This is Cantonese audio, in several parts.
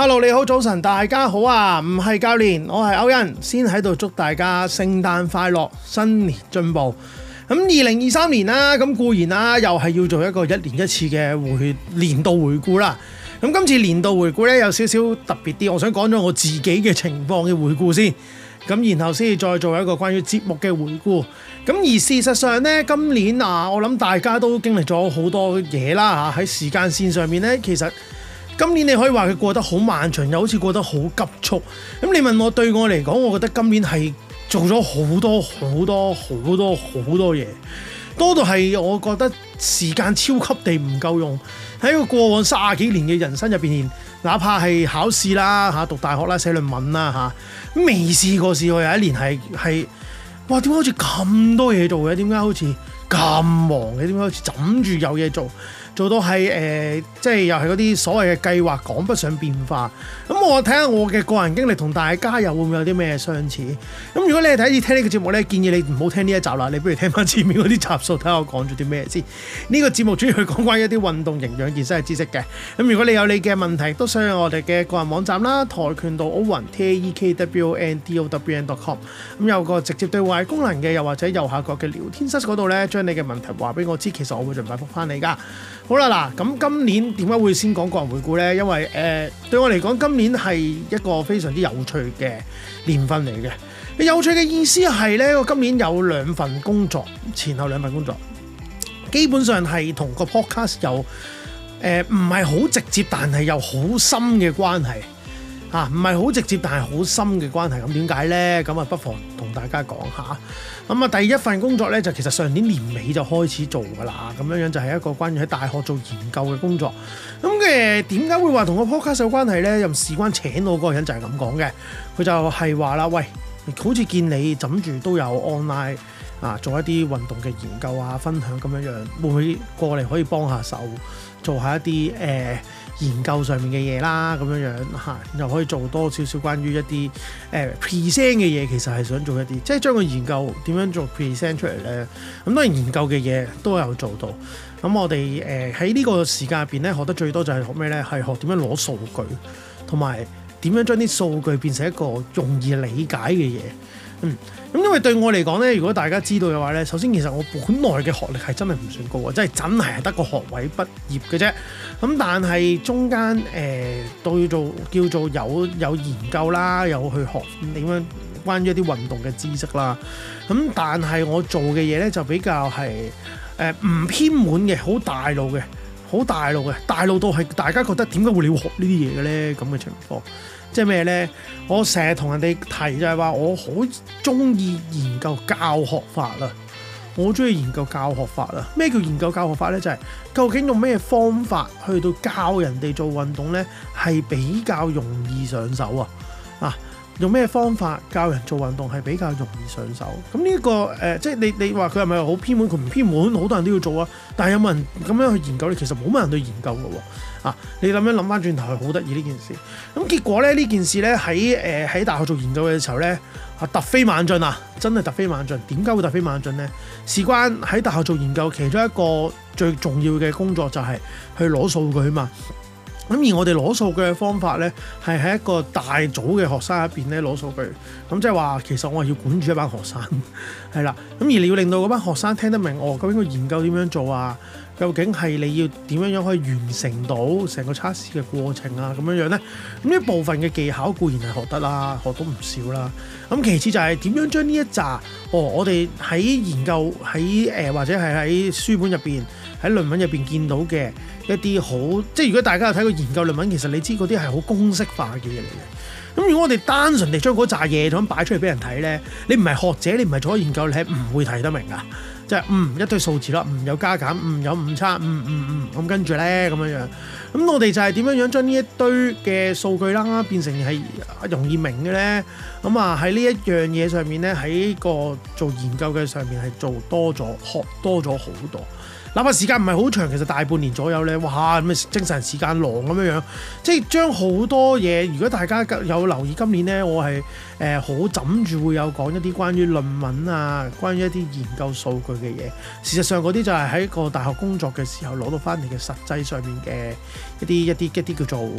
hello，你好，早晨，大家好啊！唔係教練，我係歐恩，先喺度祝大家聖誕快樂，新年進步。咁二零二三年啦，咁固然啦、啊，又係要做一個一年一次嘅回年度回顧啦。咁今次年度回顧呢，有少少特別啲，我想講咗我自己嘅情況嘅回顧先，咁然後先至再做一個關於節目嘅回顧。咁而事實上呢，今年啊，我諗大家都經歷咗好多嘢啦吓，喺時間線上面呢，其實。今年你可以話佢過得好漫長，又好似過得好急速。咁你問我，對我嚟講，我覺得今年係做咗好多好多好多好多嘢，多到係我覺得時間超級地唔夠用。喺個過往三十幾年嘅人生入邊，哪怕係考試啦、吓，讀大學啦、寫論文啦、吓，未試過試過有一年係係，哇！點解好似咁多嘢做嘅？點解好似咁忙嘅？點解好似枕住有嘢做？為什麼好像這麼做到係誒、呃，即係又係嗰啲所謂嘅計劃趕不上變化。咁我睇下我嘅個人經歷同大家又會唔會有啲咩相似。咁如果你係第一次聽呢個節目呢，建議你唔好聽呢一集啦，你不如聽翻前面嗰啲集數，睇下我講咗啲咩先。呢、呢個節目主要係講關於一啲運動營養，健身嘅知識嘅。咁如果你有你嘅問題，都上我哋嘅個人網站啦，跆拳道歐文 TAEKWONDOWEN.com，咁有一個直接對話嘅功能嘅，又或者右下角嘅聊天室嗰度呢，將你嘅問題話俾我知，其實我會盡快覆翻你噶。好啦，嗱咁今年點解會先講個人回顧呢？因為誒、呃、對我嚟講，今年係一個非常之有趣嘅年份嚟嘅。有趣嘅意思係呢，我今年有兩份工作，前後兩份工作，基本上係同個 podcast 有誒，唔係好直接，但係又好深嘅關係。啊唔係好直接，但係好深嘅關係。咁點解呢？咁啊不妨同大家講下。咁啊第一份工作呢，就其實上年年尾就開始做㗎啦。咁樣樣就係一個關於喺大學做研究嘅工作。咁嘅點解會話同個 Podcast 有關係呢？又事關請我嗰個人就係咁講嘅。佢就係話啦，喂，好似見你枕住都有 online 啊，做一啲運動嘅研究啊，分享咁樣樣，會唔會過嚟可以幫下手做下一啲誒？呃研究上面嘅嘢啦，咁樣樣嚇，又可以做多少少關於一啲誒 present 嘅嘢，其實係想做一啲，即係將個研究點樣做 present 出嚟咧。咁當然研究嘅嘢都有做到。咁我哋誒喺呢個時間入邊咧，學得最多就係學咩咧？係學點樣攞數據，同埋點樣將啲數據變成一個容易理解嘅嘢。嗯，咁因為對我嚟講咧，如果大家知道嘅話咧，首先其實我本來嘅學歷係真係唔算高啊，真係真係得個學位畢業嘅啫。咁、嗯、但係中間誒、呃、都要做叫做有有研究啦，有去學點樣關於一啲運動嘅知識啦。咁、嗯、但係我做嘅嘢咧就比較係誒唔偏門嘅，好大路嘅，好大路嘅，大路到係大家覺得點解會你會學呢啲嘢嘅咧？咁嘅情況即係咩咧？我成日同人哋提就係話我好中意研究教學法啦。我中意研究教學法。咩叫研究教學法呢？就係、是、究竟用咩方法去到教人哋做運動呢？係比較容易上手啊？啊，用咩方法教人做運動係比較容易上手？咁呢、這個個即係你你話佢係咪好偏門？佢唔偏門，好多人都要做啊。但係有冇人咁樣去研究咧？其實冇乜人都去研究㗎喎、啊。啊！你諗一諗翻轉頭，好得意呢件事。咁結果咧，呢件事咧喺、誒喺大學做研究嘅時候咧，啊突飛猛進啊，真係突飛猛進。點解會突飛猛進咧？事關喺大學做研究其中一個最重要嘅工作就係去攞數據啊嘛。咁而我哋攞數據嘅方法咧，係喺一個大組嘅學生入邊咧攞數據。咁即係話，其實我係要管住一班學生，係 啦。咁而你要令到嗰班學生聽得明，我究竟個研究點樣做啊？究竟係你要點樣樣可以完成到成個測試嘅過程啊？咁樣樣呢，咁呢部分嘅技巧固然係學得啦，學到唔少啦。咁其次就係點樣將呢一紮哦，我哋喺研究喺誒、呃、或者係喺書本入邊、喺論文入邊見到嘅一啲好，即係如果大家有睇過研究論文，其實你知嗰啲係好公式化嘅嘢嚟嘅。咁如果我哋單純地將嗰扎嘢咁擺出嚟俾人睇呢，你唔係學者，你唔係做咗研究，你係唔會睇得明㗎。即係、就是、嗯一堆數字啦，嗯有加減，嗯有誤差，嗯嗯嗯咁、嗯嗯、跟住咧咁樣樣，咁我哋就係點樣將呢一堆嘅數據啦變成係容易明嘅咧，咁啊喺呢一樣嘢上面咧喺個做研究嘅上面係做多咗，學多咗好多。哪怕時間唔係好長，其實大半年左右咧，哇咁啊精神時間狼咁樣樣，即係將好多嘢。如果大家有留意今年咧，我係。誒好枕住會有講一啲關於論文啊，關於一啲研究數據嘅嘢。事實上嗰啲就係喺個大學工作嘅時候攞到翻嚟嘅實際上面嘅一啲一啲一啲叫做誒誒誒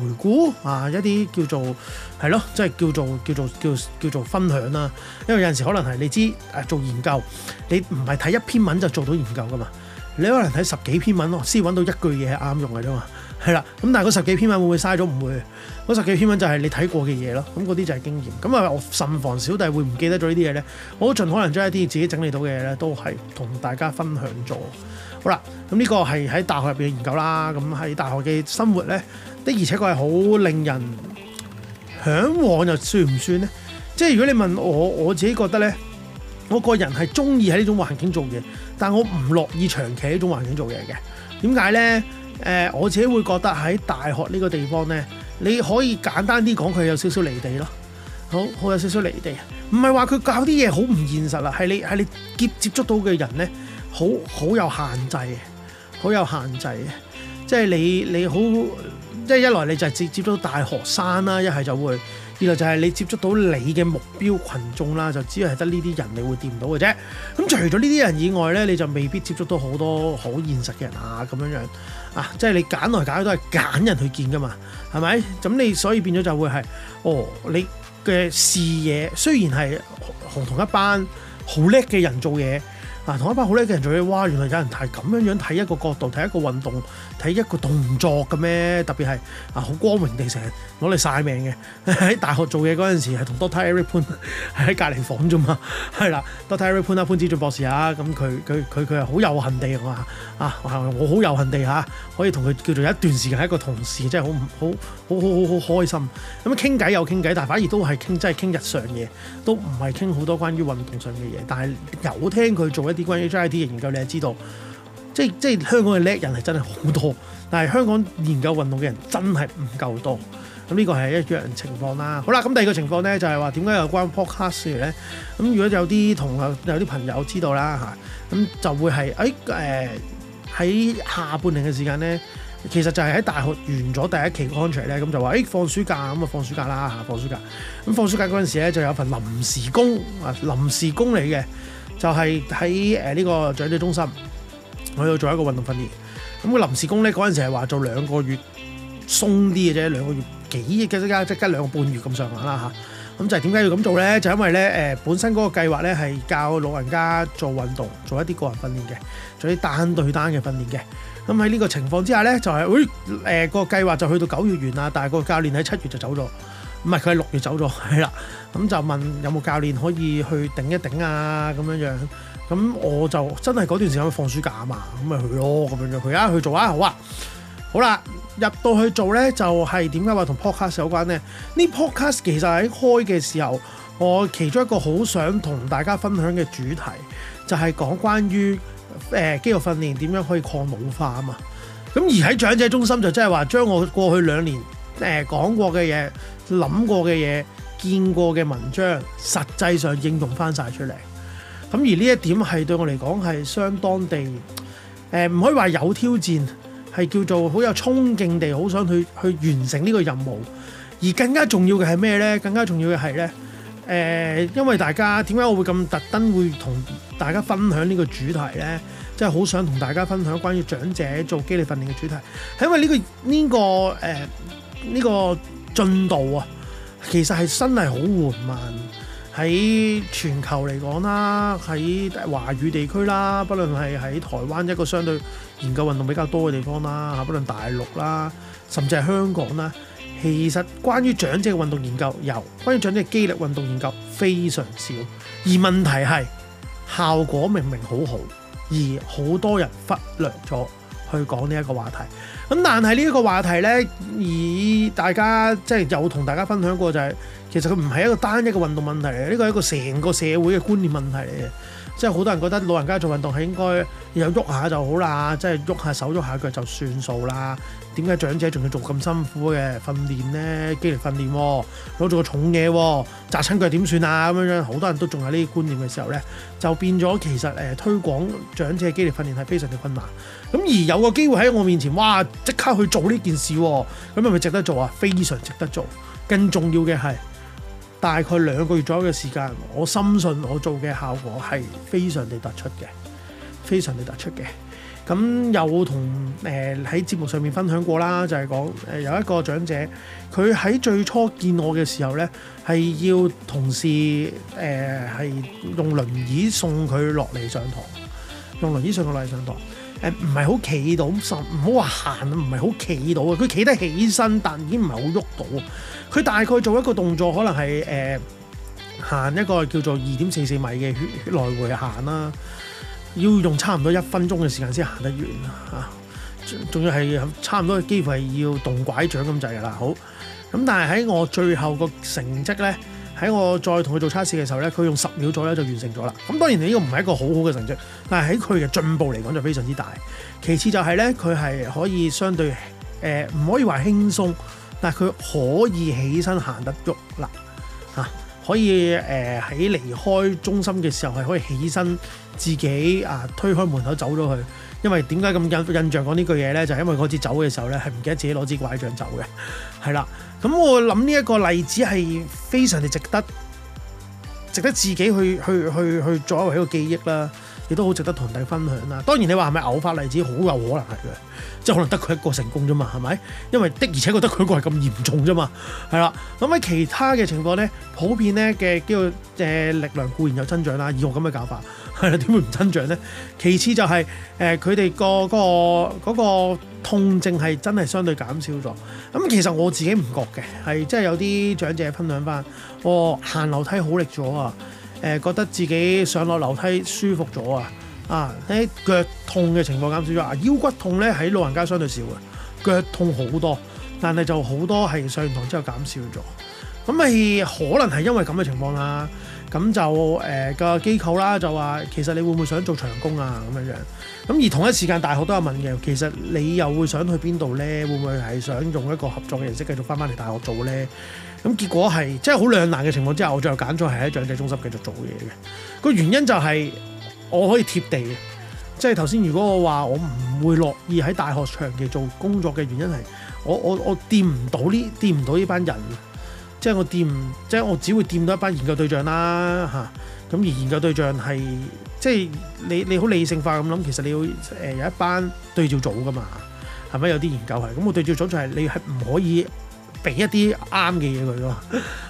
回顧啊，一啲叫做係咯，即係叫做叫做叫叫做分享啦。因為有陣時可能係你知誒做研究，你唔係睇一篇文就做到研究噶嘛，你可能睇十幾篇文咯，先揾到一句嘢係啱用嘅啫嘛。係啦，咁但係嗰十幾篇文會唔會嘥咗？唔會，嗰十幾篇文就係你睇過嘅嘢咯。咁嗰啲就係經驗。咁啊，我慎防小弟會唔記得咗呢啲嘢咧？我盡可能將一啲自己整理到嘅嘢咧，都係同大家分享咗。好啦，咁呢個係喺大學入邊嘅研究啦。咁喺大學嘅生活咧，的而且確係好令人嚮往，又算唔算咧？即係如果你問我，我自己覺得咧，我個人係中意喺呢種環境做嘢，但我唔樂意長期喺呢種環境做嘢嘅。點解咧？誒、呃、我自己會覺得喺大學呢個地方呢，你可以簡單啲講佢有少少離地咯，好好有少少離地。唔係話佢搞啲嘢好唔現實啦，係你係你接接觸到嘅人呢，好好有限制，好有限制啊！即係你你好，即係一來你就接接觸到大學生啦，一係就會。二嚟就係你接觸到你嘅目標群眾啦，就只係得呢啲人你會掂到嘅啫。咁除咗呢啲人以外咧，你就未必接觸到好多好現實嘅人啊咁樣樣啊，即係你揀來揀去都係揀人去見噶嘛，係咪？咁你所以變咗就會係，哦，你嘅視野雖然係同一班好叻嘅人做嘢，啊，同一班好叻嘅人做嘢，哇，原來有人係咁樣樣睇一個角度睇一個運動。睇一個動作嘅咩？特別係啊，好光榮地成日攞嚟晒命嘅。喺 大學做嘢嗰陣時係同 Doctor Eric Poon 喺隔離房啫嘛。係 啦，Doctor Eric Poon 啦，潘子俊博士啊。咁佢佢佢佢係好有幸地我啊，我好有幸地嚇可以同佢叫做一段時間係一個同事，真係好好好好好好開心。咁傾偈又傾偈，但係反而都係傾真係傾日常嘢，都唔係傾好多關於運動上面嘅嘢。但係有聽佢做一啲關於 JIT 嘅研究，你係知道。即係即係香港嘅叻人係真係好多，但係香港研究運動嘅人真係唔夠多。咁、嗯、呢、呢個係一樣情況啦。好啦，咁、嗯、第二個情況咧就係話點解有關 podcast 咧？咁、嗯、如果有啲同學有啲朋友知道啦嚇，咁、嗯、就會係誒誒喺下半年嘅時間咧，其實就係喺大學完咗第一期 contract 咧，咁、嗯、就話誒、哎、放暑假咁啊、嗯、放暑假啦嚇、嗯，放暑假咁放暑假嗰陣時咧就有一份臨時工啊，臨時工嚟嘅就係喺誒呢個長者中心。我要做一個運動訓練，咁個臨時工咧嗰陣時係話做兩個月鬆啲嘅啫，兩個月幾嘅即即兩個半月咁上下啦嚇，咁就係點解要咁做咧？就因為咧誒、呃、本身嗰個計劃咧係教老人家做運動，做一啲個人訓練嘅，做啲單對單嘅訓練嘅，咁喺呢個情況之下咧就係誒個計劃就去到九月完啦，但係個教練喺七月就走咗，唔係佢係六月走咗，係啦，咁就問有冇教練可以去頂一頂啊咁樣樣。咁我就真係嗰段時間去放暑假啊嘛，咁咪去咯咁樣。佢啊去，去做啊，好啊，好啦、啊，入到去做呢，就係、是、點解話同 podcast 有關呢？呢 podcast 其實喺開嘅時候，我其中一個好想同大家分享嘅主題，就係、是、講關於誒、呃、肌肉訓練點樣可以抗老化啊嘛。咁而喺長者中心就真係話將我過去兩年誒、呃、講過嘅嘢、諗過嘅嘢、見過嘅文章，實際上應用翻晒出嚟。咁而呢一點係對我嚟講係相當地，呃，唔可以話有挑戰，係叫做好有衝勁地，好想去去完成呢個任務。而更加重要嘅係咩呢？更加重要嘅係呢，因為大家點解我會咁特登會同大家分享呢個主題呢？真係好想同大家分享關於長者做肌力訓練嘅主題，係因為呢個、呢個、呃呢個進度啊，其實係真係好緩慢。喺全球嚟講啦，喺華語地區啦，不論係喺台灣一個相對研究運動比較多嘅地方啦，嚇，不論大陸啦，甚至係香港啦，其實關於長者嘅運動研究有，有關於長者嘅肌力運動研究非常少，而問題係效果明明好好，而好多人忽略咗去講呢一個話題。咁但係呢一個話題呢，以大家即係有同大家分享過就係、是。其實佢唔係一個單一嘅運動問題嚟，呢個係一個成個社會嘅觀念問題嚟嘅。即係好多人覺得老人家做運動係應該有喐下就好啦，即係喐下手喐下腳就算數啦。點解長者仲要做咁辛苦嘅訓練呢？肌力訓練攞咗個重嘢、哦、砸親腳點算啊？咁樣樣好多人都仲有呢啲觀念嘅時候呢，就變咗其實誒推廣長者嘅肌力訓練係非常之困難。咁而有個機會喺我面前，哇！即刻去做呢件事、哦，咁係咪值得做啊？非常值得做。更重要嘅係。大概兩個月左右嘅時間，我深信我做嘅效果係非常地突出嘅，非常地突出嘅。咁有同誒喺節目上面分享過啦，就係講誒有一個長者，佢喺最初見我嘅時候呢，係要同事誒係、呃、用輪椅送佢落嚟上堂，用輪椅送佢落嚟上堂。誒唔係好企到，十唔好話行，唔係好企到啊！佢企得起身，但已經唔係好喐到。佢大概做一個動作，可能係誒行一個叫做二點四四米嘅圈來回行啦，要用差唔多一分鐘嘅時間先行得完啊！仲要係差唔多，幾乎係要動拐杖咁滯噶啦。好，咁，但係喺我最後個成績咧。喺我再同佢做測試嘅時候呢，佢用十秒左右就完成咗啦。咁當然你呢個唔係一個好好嘅成績，但係喺佢嘅進步嚟講就非常之大。其次就係、係、呢，佢係可以相對唔、呃、可以話輕鬆，但係佢可以起身行得喐啦、啊、可以喺、呃、離開中心嘅時候係可以起身自己啊推開門口走咗去。因為點解咁印印象講呢句嘢呢？就係、因為嗰次走嘅時候呢，係唔記得自己攞支拐杖走嘅，係啦。咁我諗呢一個例子係非常之值得，值得自己去去去去作為一個記憶啦，亦都好值得同人哋分享啦。當然你話係咪偶發例子，好有可能係嘅，即係可能得佢一個成功啫嘛，係咪？因為的而且確得佢一個係咁嚴重啫嘛，係啦。咁喺其他嘅情況咧，普遍咧嘅叫做誒力量固然有增長啦，以我咁嘅搞法。點 會唔增長咧？其次就係誒佢哋個嗰、嗰個痛症係真係相對減少咗。咁、嗯、其實我自己唔覺嘅，係真係有啲長者分享翻，我、哦、行樓梯好力咗啊！誒、呃，覺得自己上落樓梯舒服咗啊！啊，啲、欸、腳痛嘅情況減少咗啊！腰骨痛咧喺老人家相對少嘅，腳痛好多，但係就好多係上完堂之後減少咗。咁、嗯、咪可能係因為咁嘅情況啦。咁就誒、呃、個機構啦，就話其實你會唔會想做長工啊咁樣樣？咁而同一時間大學都有問嘅，「其實你又會想去邊度呢？會唔會係想用一個合作嘅形式繼續返返嚟大學做呢？」咁結果係即係好兩難嘅情況之下，我最後揀咗係喺長者中心繼續做嘢嘅。個原因就係我可以貼地嘅，即係頭先如果我話我唔會樂意喺大學長期做工作嘅原因係我我我掂唔到呢掂唔到呢班人。即係我掂，即係我只會掂到一班研究對象啦，嚇、啊。咁而研究對象係，即係你你好理性化咁諗，其實你要誒、呃、有一班對照組噶嘛，係咪有啲研究係？咁我對照組就係你係唔可以俾一啲啱嘅嘢佢咯，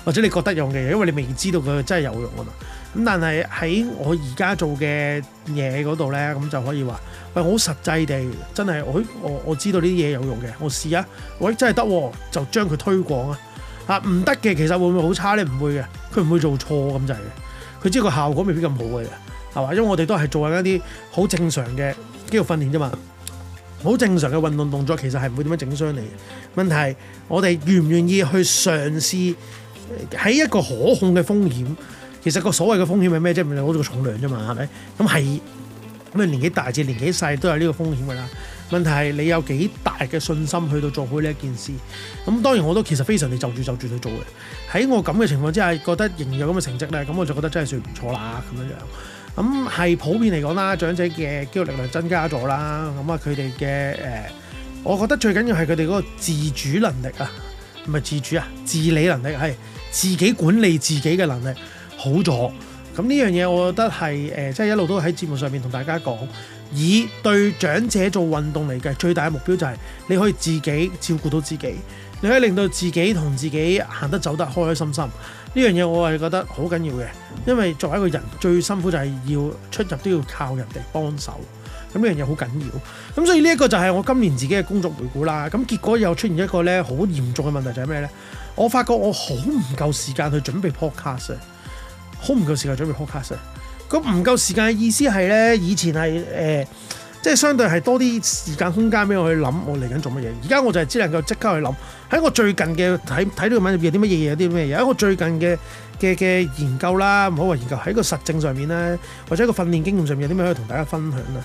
或者你覺得用嘅嘢，因為你未知道佢真係有用啊嘛。咁但係喺我而家做嘅嘢嗰度咧，咁就可以話，喂，好實際地真係，真係我我我知道呢啲嘢有用嘅，我試下，喂，真係得、啊，就將佢推廣啊。啊，唔得嘅，其實會唔會好差咧？唔會嘅，佢唔會做錯咁滯嘅。佢知係個效果未必咁好嘅啫，係嘛？因為我哋都係做緊一啲好正常嘅肌肉訓練啫嘛，好正常嘅運動動作其實係唔會點樣整傷你。問題係我哋願唔願意去嘗試喺一個可控嘅風險？其實個所謂嘅風險係咩啫？咪攞住個重量啫嘛，係咪？咁係咩年紀大至年紀細都有呢個風險㗎啦。問題係你有幾大嘅信心去到做好呢一件事？咁當然我都其實非常地就住就住去做嘅。喺我咁嘅情況之下，覺得仍然有咁嘅成績咧，咁我就覺得真係算唔錯啦咁樣樣。咁係普遍嚟講啦，長者嘅肌肉力量增加咗啦，咁啊佢哋嘅誒，我覺得最緊要係佢哋嗰個自主能力啊，唔係自主啊，自理能力係自己管理自己嘅能力好咗。咁呢樣嘢，我覺得係誒，即係一路都喺節目上面同大家講，以對長者做運動嚟嘅最大嘅目標就係你可以自己照顧到自己，你可以令到自己同自己行得走得開開心心。呢樣嘢我係覺得好緊要嘅，因為作為一個人最辛苦就係要出入都要靠人哋幫手。咁呢樣嘢好緊要，咁所以呢一個就係我今年自己嘅工作回顧啦。咁結果又出現一個呢好嚴重嘅問題就係、是、咩呢？我發覺我好唔夠時間去準備 podcast。好唔夠時間準備 podcast，咁唔夠時間嘅意思係咧，以前係、呃、即係相對係多啲時間空間俾我去諗，我嚟緊做乜嘢。而家我就係只能夠即刻去諗，喺我最近嘅睇睇到嘅文章有啲乜嘢嘢，有啲咩嘢，有一個最近嘅嘅嘅研究啦，唔好話研究，喺個實證上面咧，或者一個訓練經驗上面有啲咩可以同大家分享啊。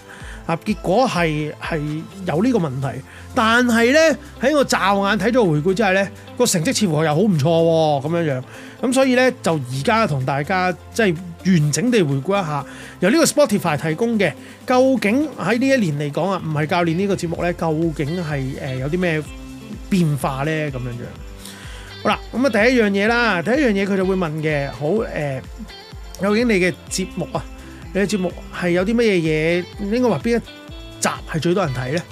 啊！結果係係有呢個問題，但係呢，喺我驟眼睇咗回顧之下，呢個成績似乎又好唔錯喎，咁樣樣。咁所以呢，就而家同大家即係、就是、完整地回顧一下，由呢個 Spotify 提供嘅，究竟喺呢一年嚟講啊，唔係教練呢個節目呢，究竟係誒、呃、有啲咩變化呢？咁樣樣。好啦，咁、嗯、啊第一樣嘢啦，第一樣嘢佢就會問嘅，好誒、呃，究竟你嘅節目啊？啲節目係有啲乜嘢嘢？應該話邊一集係最多人睇咧？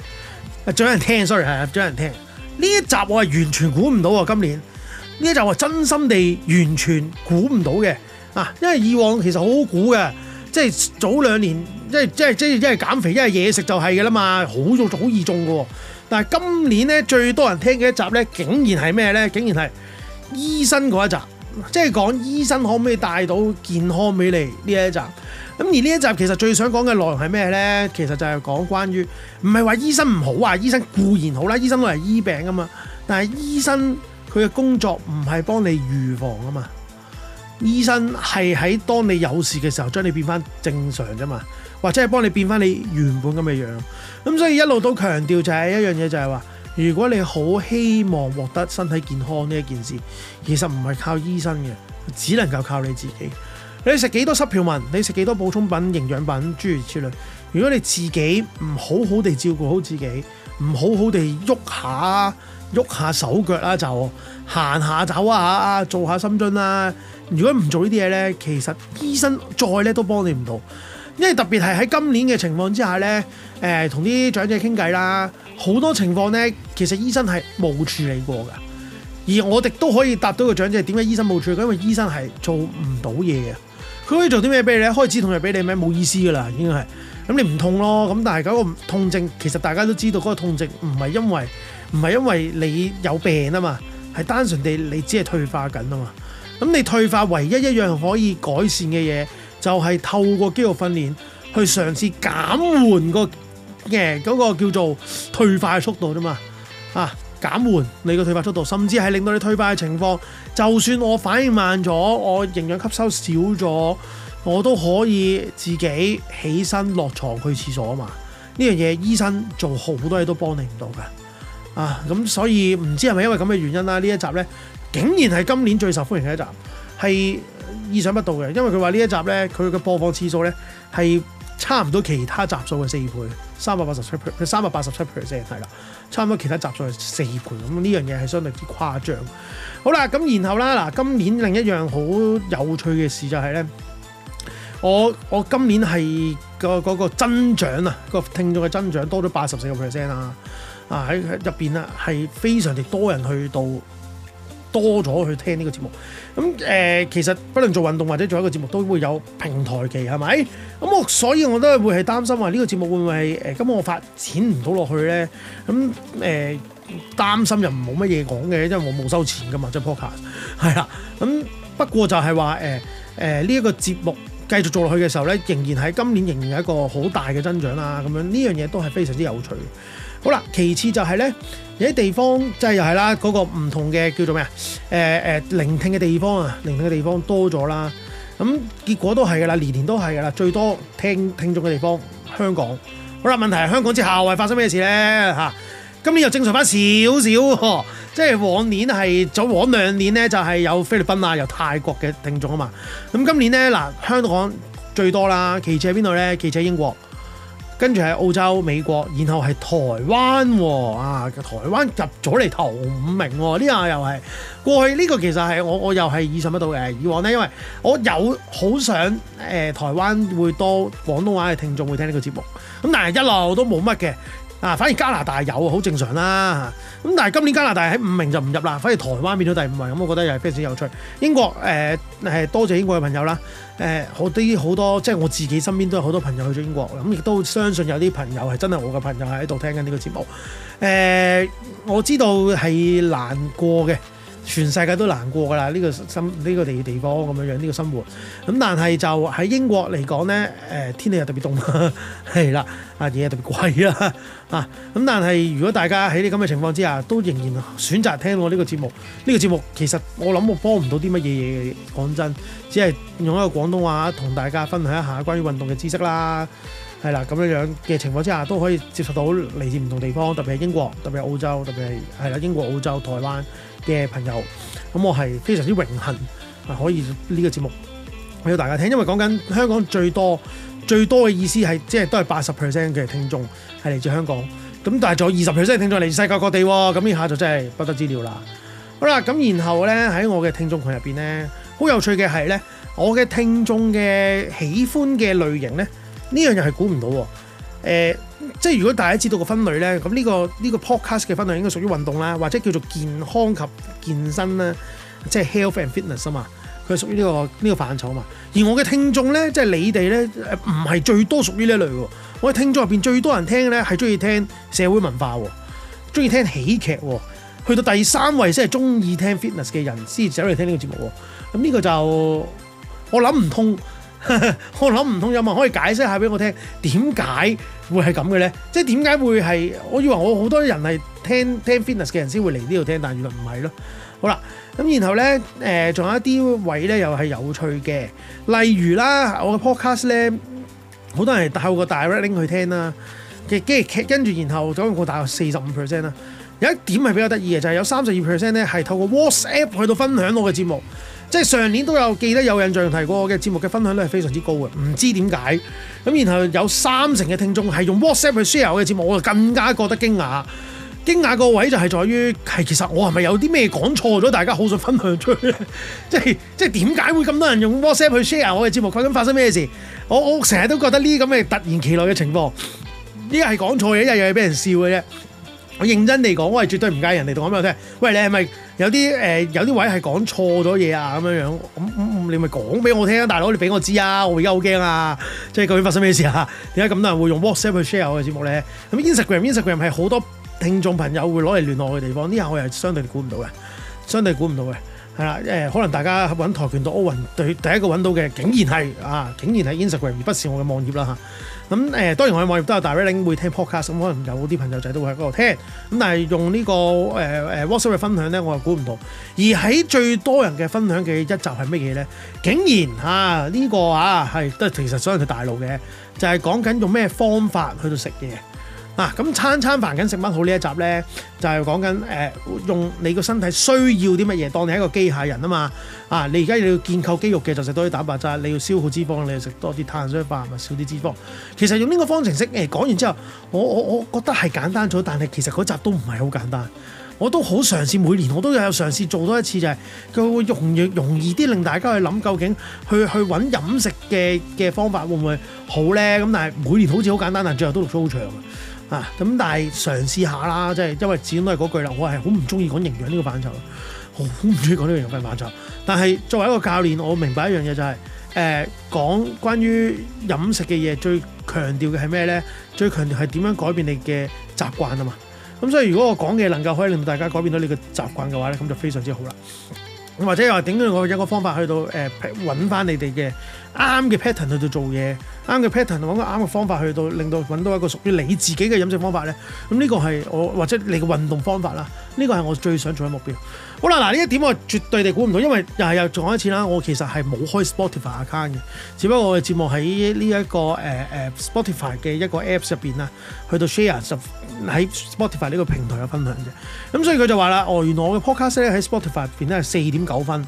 最有人聽，sorry 係最有人聽呢一集。我係完全估唔到啊！今年呢一集我真心地完全估唔到嘅啊，因為以往其實好好估嘅，即係早兩年，即係即係即係即係減肥，因為嘢食就係嘅啦嘛，好早好易中嘅。但係今年咧最多人聽嘅一集咧，竟然係咩咧？竟然係醫生嗰一集，即係講醫生可唔可以帶到健康俾你呢一集。咁而呢一集其實最想講嘅內容係咩呢？其實就係講關於唔係話醫生唔好啊，醫生固然好啦，醫生都係醫病噶嘛。但係醫生佢嘅工作唔係幫你預防啊嘛，醫生係喺當你有事嘅時候將你變翻正常啫嘛，或者係幫你變翻你原本咁嘅樣。咁所以一路都強調就係一樣嘢，就係話，如果你好希望獲得身體健康呢一件事，其實唔係靠醫生嘅，只能夠靠你自己。你食幾多濕票文？你食幾多補充品、營養品諸如此類。如果你自己唔好好地照顧好自己，唔好好地喐下喐下手腳啦，就行下走啊，做下深蹲啦。如果唔做呢啲嘢呢，其實醫生再叻都幫你唔到。因為特別係喺今年嘅情況之下呢，誒同啲長者傾偈啦，好多情況呢，其實醫生係冇處理過㗎。而我哋都可以答到個長者點解醫生冇處理，因為醫生係做唔到嘢啊。佢可以做啲咩俾你咧？開止痛藥俾你咩？冇意思噶啦，應該係。咁你唔痛咯，咁但係嗰個痛症其實大家都知道，嗰個痛症唔係因為唔係因為你有病啊嘛，係單純地你只係退化緊啊嘛。咁你退化唯一一樣可以改善嘅嘢，就係透過肌肉訓練去嘗試減緩嗰個嘅嗰個叫做退化速度啫嘛。啊，減緩你個退化速度，甚至係令到你退化嘅情況。就算我反應慢咗，我營養吸收少咗，我都可以自己起身落床，床去廁所啊嘛！呢樣嘢醫生做好多嘢都幫你唔到㗎。啊！咁所以唔知係咪因為咁嘅原因啦？呢一集呢，竟然係今年最受歡迎嘅一集，係意想不到嘅，因為佢話呢一集呢，佢嘅播放次數呢，係。差唔多其他集數嘅四倍，三百八十七 percent，三百八十七 percent 係啦，差唔多其他集數係四倍咁，呢樣嘢係相對之誇張。好啦，咁然後啦，嗱，今年另一樣好有趣嘅事就係咧，我我今年係個嗰個增長啊，個聽眾嘅增長多咗八十四個 percent 啦，啊喺入邊啊係非常之多人去到。多咗去聽呢個節目，咁誒、呃、其實，不論做運動或者做一個節目，都會有平台期，係咪？咁我所以我都會係擔心話呢個節目會唔會係誒咁我發展唔到落去咧？咁誒、呃、擔心又冇乜嘢講嘅，因為我冇收錢㗎嘛，即係 podcast 係啦。咁不過就係話誒誒呢一個節目。繼續做落去嘅時候咧，仍然喺今年仍然係一個好大嘅增長啦。咁樣呢樣嘢都係非常之有趣。好啦，其次就係、是、咧，有啲地方即係又係啦，嗰、就是、個唔同嘅叫做咩啊？誒、呃、誒、呃，聆聽嘅地方啊，聆聽嘅地方多咗啦。咁結果都係噶啦，年年都係噶啦，最多聽聽眾嘅地方香港。好啦，問題係香港之後係發生咩事咧？嚇、啊，今年又正常翻少少。即係往年係，早往兩年咧就係有菲律賓啊，有泰國嘅聽眾啊嘛。咁今年咧嗱，香港最多啦。其次係邊度咧？其次英國，跟住係澳洲、美國，然後係台灣喎啊！台灣入咗嚟頭五名喎，呢下又係過去呢個其實係我我又係意想不到嘅。以往咧，因為我有好想、呃、台灣會多廣東話嘅聽眾會聽呢個節目，咁但係一路都冇乜嘅。啊，反而加拿大有，好正常啦。咁但係今年加拿大喺五名就唔入啦，反而台灣變到第五名。咁我覺得又係非常有趣。英國誒係、呃、多謝英國嘅朋友啦。誒、呃，好啲好多，即、就、係、是、我自己身邊都有好多朋友去咗英國，咁亦都相信有啲朋友係真係我嘅朋友喺度聽緊呢個節目。誒、呃，我知道係難過嘅。全世界都難過㗎啦！呢、這個心呢、這個這個地地方咁樣樣，呢、這個生活咁，但係就喺英國嚟講呢，誒、呃、天氣又特別凍係啦，啊 嘢又特別貴啦啊！咁 但係如果大家喺啲咁嘅情況之下，都仍然選擇聽我呢個節目，呢、這個節目其實我諗我幫唔到啲乜嘢嘢，嘅。講真，只係用一個廣東話同大家分享一下關於運動嘅知識啦，係啦，咁樣樣嘅情況之下，都可以接受到嚟自唔同地方，特別係英國，特別係澳洲，特別係係啦英國、澳洲、台灣。嘅朋友，咁我係非常之榮幸啊，可以呢個節目俾到大家聽，因為講緊香港最多最多嘅意思係，即係都係八十 percent 嘅聽眾係嚟自香港，咁但係仲有二十 percent 嘅聽眾嚟自世界各地喎。咁呢下就真係不得之料啦。好啦，咁然後咧喺我嘅聽眾群入邊咧，好有趣嘅係咧，我嘅聽眾嘅喜歡嘅類型咧，呢樣嘢係估唔到喎。誒、呃，即係如果大家知道個分類咧，咁呢、呢個呢、呢個 podcast 嘅分類應該屬於運動啦，或者叫做健康及健身啦，即係 health and fitness 啊嘛，佢係屬於呢、呢個呢、呢個範疇啊嘛。而我嘅聽眾咧，即係你哋咧，唔係最多屬於呢類嘅。我嘅聽眾入邊最多人聽咧，係中意聽社會文化，中意聽喜劇，去到第三位先係中意聽 fitness 嘅人先至走嚟聽呢個節目。咁呢個就我諗唔通。 我諗唔通，有冇人可以解釋下俾我聽，點解會係咁嘅咧？即係點解會係？我以為我好多人係聽聽 fitness 嘅人先會嚟呢度聽，但係原來唔係咯。好啦，咁然後咧，誒、呃，仲有一啲位咧，又係有趣嘅，例如啦，我嘅 podcast 咧，好多人係透過 direct link 去聽啦、啊，跟住，跟住然後總共我大約四十五 percent 啦。有一點係比較得意嘅，就係、是、有三十二 percent 咧係透過 WhatsApp 去到分享我嘅節目。即係上年都有記得有印象提過嘅節目嘅分享率係非常之高嘅，唔知點解咁。然後有三成嘅聽眾係用 WhatsApp 去 share 我嘅節目，我就更加覺得驚訝。驚訝個位就係在於係，其實我係咪有啲咩講錯咗，大家好想分享出去 即係。即係即係點解會咁多人用 WhatsApp 去 share 我嘅節目？究竟發生咩事？我我成日都覺得呢啲咁嘅突然其來嘅情況，呢個係講錯嘢，一日又係俾人笑嘅啫。我認真地講，我係絕對唔介意人哋同講俾我聽。喂，你係咪有啲誒、呃、有啲位係講錯咗嘢啊？咁樣樣，咁、嗯嗯、你咪講俾我聽啊！大佬，你俾我知啊！我而家好驚啊！即係究竟發生咩事啊？點解咁多人會用 WhatsApp 去 share 我嘅節目咧？咁 Inst Instagram、Instagram 係好多聽眾朋友會攞嚟聯絡我嘅地方，呢下我又相對估唔到嘅，相對估唔到嘅。係啦，誒可能大家揾跆拳道 Owen 對第一個揾到嘅，竟然係啊，竟然係 Instagram，而不是我嘅網頁啦嚇。咁、啊、誒、啊、當然我嘅網頁都有大 rating 會聽 podcast，咁、啊、可能有啲朋友仔都會喺嗰度聽。咁、啊、但係用呢、這個誒誒、啊啊、WhatsApp 嘅分享咧，我又估唔到。而喺最多人嘅分享嘅一集係乜嘢咧？竟然啊呢、這個啊係都其實所有人大陸嘅就係講緊用咩方法去到食嘢。啊，咁餐餐飯緊食乜好呢一集呢就係講緊誒用你個身體需要啲乜嘢，當你係一個機械人啊嘛。啊，你而家你要建構肌肉嘅就食多啲蛋白質，你要消耗脂肪，你食多啲碳水化合物少啲脂肪。其實用呢個方程式哎講完之後，我我，我覺得係簡單咗，但係其實嗰集都唔係好簡單。我都好嘗試每年我都有嘗試做多一次，就係佢會容易容易啲令大家去諗究竟去去揾飲食嘅嘅方法會唔會好呢？咁但係每年好似好簡單，但最後都錄咗好長。啊，咁但係嘗試下啦，即係因為始終都係嗰句啦，我係好唔中意講營養呢個範疇，好唔中意講呢個營養嘅範疇。但係作為一個教練，我明白一樣嘢就係、是，誒、呃、講關於飲食嘅嘢，最強調嘅係咩咧？最強調係點樣改變你嘅習慣啊嘛。咁所以如果我講嘅能夠可以令到大家改變到你嘅習慣嘅話咧，咁就非常之好啦。或者又話點我有個方法去到誒搵返你哋嘅啱嘅 pattern 去到做嘢。啱嘅 pattern，揾個啱嘅方法去到，令到揾到一個屬於你自己嘅飲食方法咧。咁、嗯、呢、這個係我或者你嘅運動方法啦。呢、這個係我最想做嘅目標。好啦，嗱呢一點我絕對地估唔到，因為又係又做一次啦。我其實係冇開 Spotify account 嘅，只不過我嘅節目喺呢、這個呃啊、一個誒誒 Spotify 嘅一個 Apps 入邊啦，去到 share 就喺 Spotify 呢個平台嘅分享嘅。咁、嗯、所以佢就話啦，哦，原來我嘅 podcast 咧喺 Spotify 入邊咧係四點九分。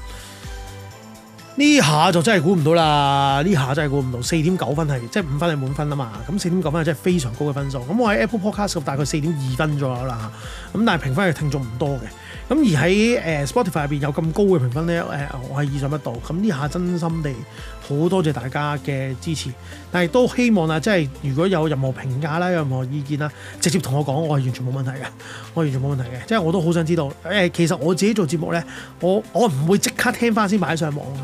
呢下就真係估唔到啦！呢下真係估唔到，四點九分係即係五分係滿分啊嘛！咁四點九分係真係非常高嘅分數。咁我喺 Apple Podcast 度大概四點二分左右啦，咁但係評分係聽眾唔多嘅。咁而喺誒 Spotify 入面有咁高嘅評分咧，誒我係意想不到。咁呢下真心地好多謝大家嘅支持，但係都希望啊，即係如果有任何評價啦、有任何意見啦，直接同我講，我係完全冇問題嘅，我完全冇問題嘅。即係我都好想知道誒，其實我自己做節目咧，我我唔會即刻聽翻先擺上網嘅，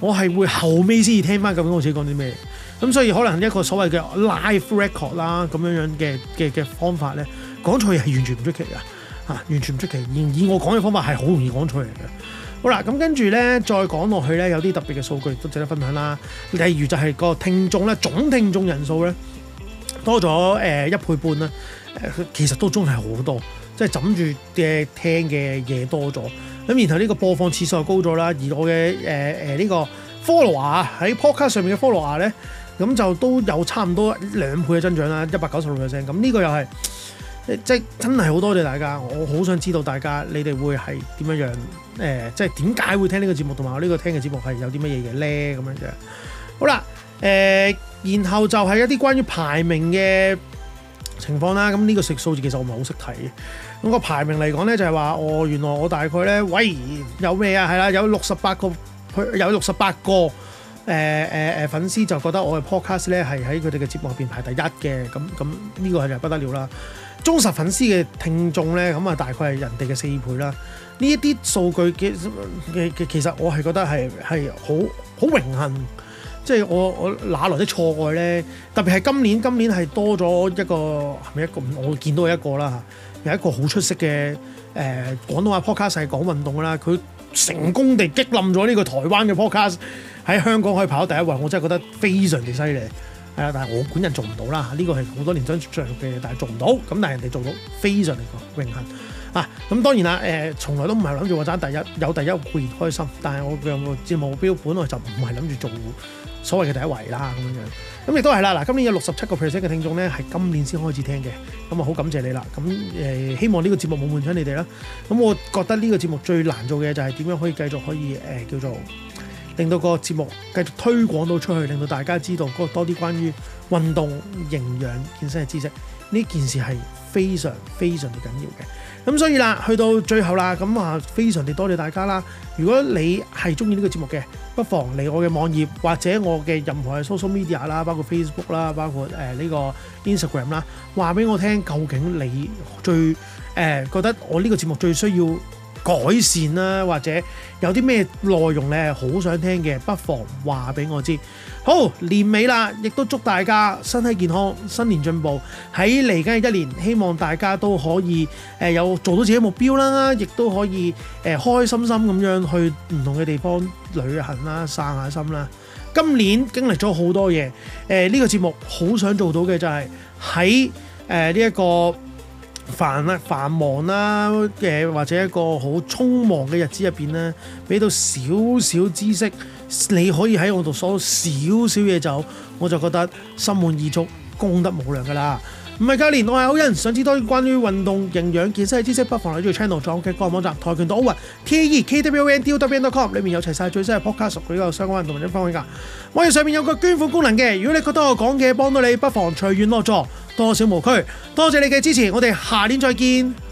我係會後尾先至聽翻究竟我自己講啲咩。咁所以可能一個所謂嘅 live record 啦咁樣樣嘅嘅嘅方法咧，講錯嘢係完全唔出奇㗎。嚇、啊，完全唔出奇。然以我講嘅方法係好容易講出嚟嘅。好啦，咁跟住咧，再講落去咧，有啲特別嘅數據都值得分享啦。例如就係個聽眾咧，總聽眾人數咧多咗誒、呃、一倍半啦。誒、呃、其實都仲係好多，即係枕住嘅聽嘅嘢多咗。咁然後呢個播放次數又高咗啦。而我嘅誒誒呢個 follower 喺 podcast 上面嘅 follower 咧，咁就都有差唔多兩倍嘅增長啦，一百九十六 percent。咁呢個又係。即係真係好多謝大家，我好想知道大家你哋會係點樣樣誒、呃，即係點解會聽呢個節目同埋我呢個聽嘅節目係有啲乜嘢嘅咧？咁樣嘅好啦，誒、呃，然後就係一啲關於排名嘅情況啦。咁呢個食數字其實我唔係好識睇。咁個排名嚟講咧，就係話我原來我大概咧，喂有咩啊？係啦，有六十八個，有六十八個誒誒誒粉絲就覺得我嘅 podcast 咧係喺佢哋嘅節目入邊排第一嘅。咁咁呢個係就不得了啦。忠實粉絲嘅聽眾咧，咁啊大概係人哋嘅四倍啦。呢一啲數據嘅嘅其實我係覺得係係好好榮幸，即係我我揦來啲錯愛咧。特別係今年，今年係多咗一個係咪一個？我見到一個啦，有一個好出色嘅誒廣東話 podcast 係講運動噶啦，佢成功地激冧咗呢個台灣嘅 podcast 喺香港可以跑到第一位，我真係覺得非常之犀利！係啊，但係我本人做唔到啦，呢個係好多年想做嘅嘢，但係做唔到。咁但係人哋做到，非常之榮幸啊！咁當然啦，誒、呃，從來都唔係諗住話爭第一，有第一固然開心，但係我嘅節目目標本來就唔係諗住做所謂嘅第一位啦咁樣。咁亦都係啦，嗱、就是啊，今年有六十七個 percent 嘅聽眾咧係今年先開始聽嘅，咁啊好感謝你啦。咁誒、呃，希望呢個節目冇悶親你哋啦。咁我覺得呢個節目最難做嘅就係點樣可以繼續可以誒、呃、叫做。令到個節目繼續推廣到出去，令到大家知道更多啲關於運動、營養、健身嘅知識，呢件事係非常非常之緊要嘅。咁所以啦，去到最後啦，咁啊，非常地多謝大家啦。如果你係中意呢個節目嘅，不妨嚟我嘅網頁或者我嘅任何嘅 social media 啦，包括 Facebook 啦，包括呢個 Instagram 啦，話俾我聽，究竟你最、呃、覺得我呢個節目最需要改善啦，或者有啲咩內容咧，好想聽嘅，不妨話俾我知。好，年尾啦，亦都祝大家身體健康，新年進步。喺嚟緊嘅一年，希望大家都可以、呃、有做到自己目標啦，亦都可以誒、呃、開心心咁樣去唔同嘅地方旅行啦，散下心啦。今年經歷咗好多嘢，呢、呃、呢個節目好想做到嘅就係喺呢一個繁啦，繁忙啦嘅或者一個好匆忙嘅日子入邊咧，俾到少少知識，你可以喺我度收少少嘢走，就我就覺得心滿意足，功德無量㗎喇。唔係教練，我係歐茵。想知多啲關於運動營養健身嘅知識，不妨嚟住 channel，在我嘅個人網站跆拳道奧運 T A E K W O N D O W E N dot com 裏面有齊晒最新嘅 podcast，以及相關運動嘅知識框架。我哋上面有個捐款功能嘅，如果你覺得我講嘅幫到你，不妨隨緣樂助，多少無區。多謝你嘅支持，我哋下年再見。